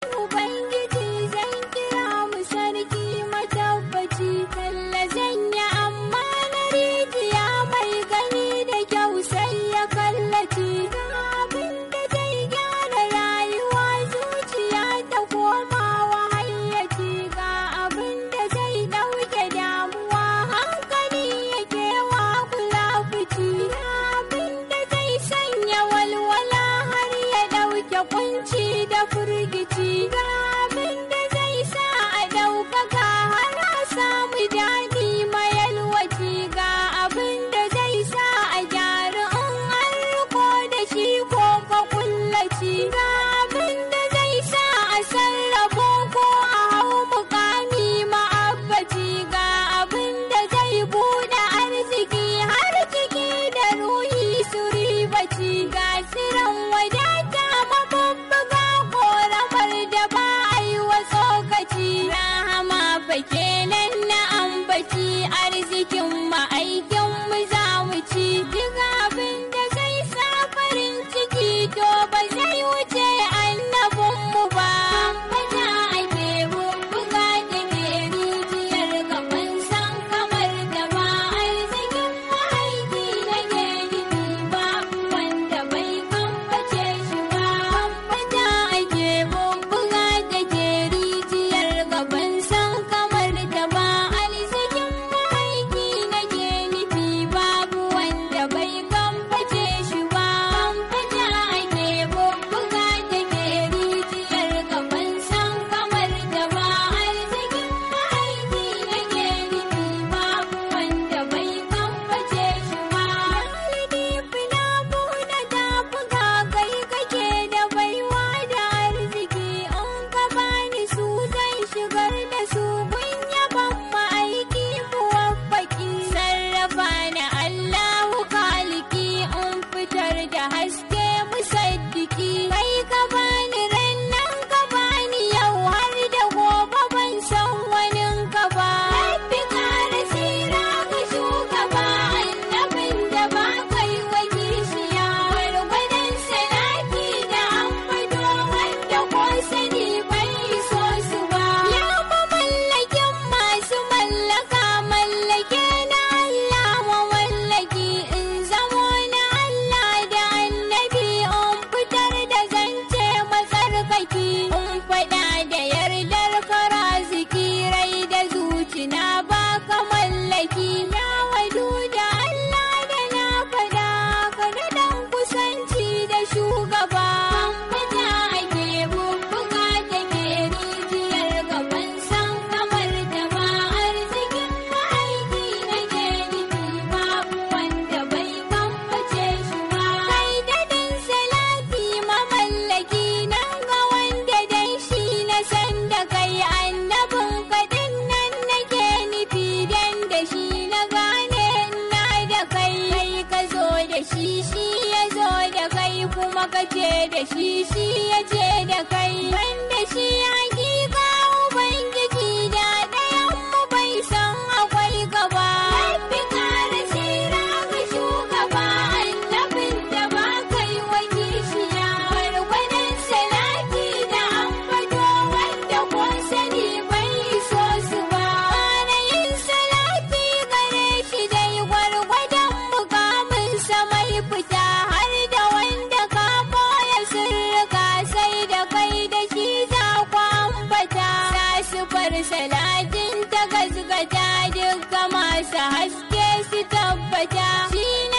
不管。da kunci da firgici. mai kyau da kai kuma kace da shi shi ya ce da kai ban da shi hakika ubangiji da ɗayan mu bai san akwai gaba rabbi kare shi rabi shugaba annabin da ba kai wa kishiya gwargwadon salati da ambato wanda ko sani bai iso su ba yin salati gare shi dai gwargwadon mukamin sa mai fita daga suka ta masu haske su tabbata. Shi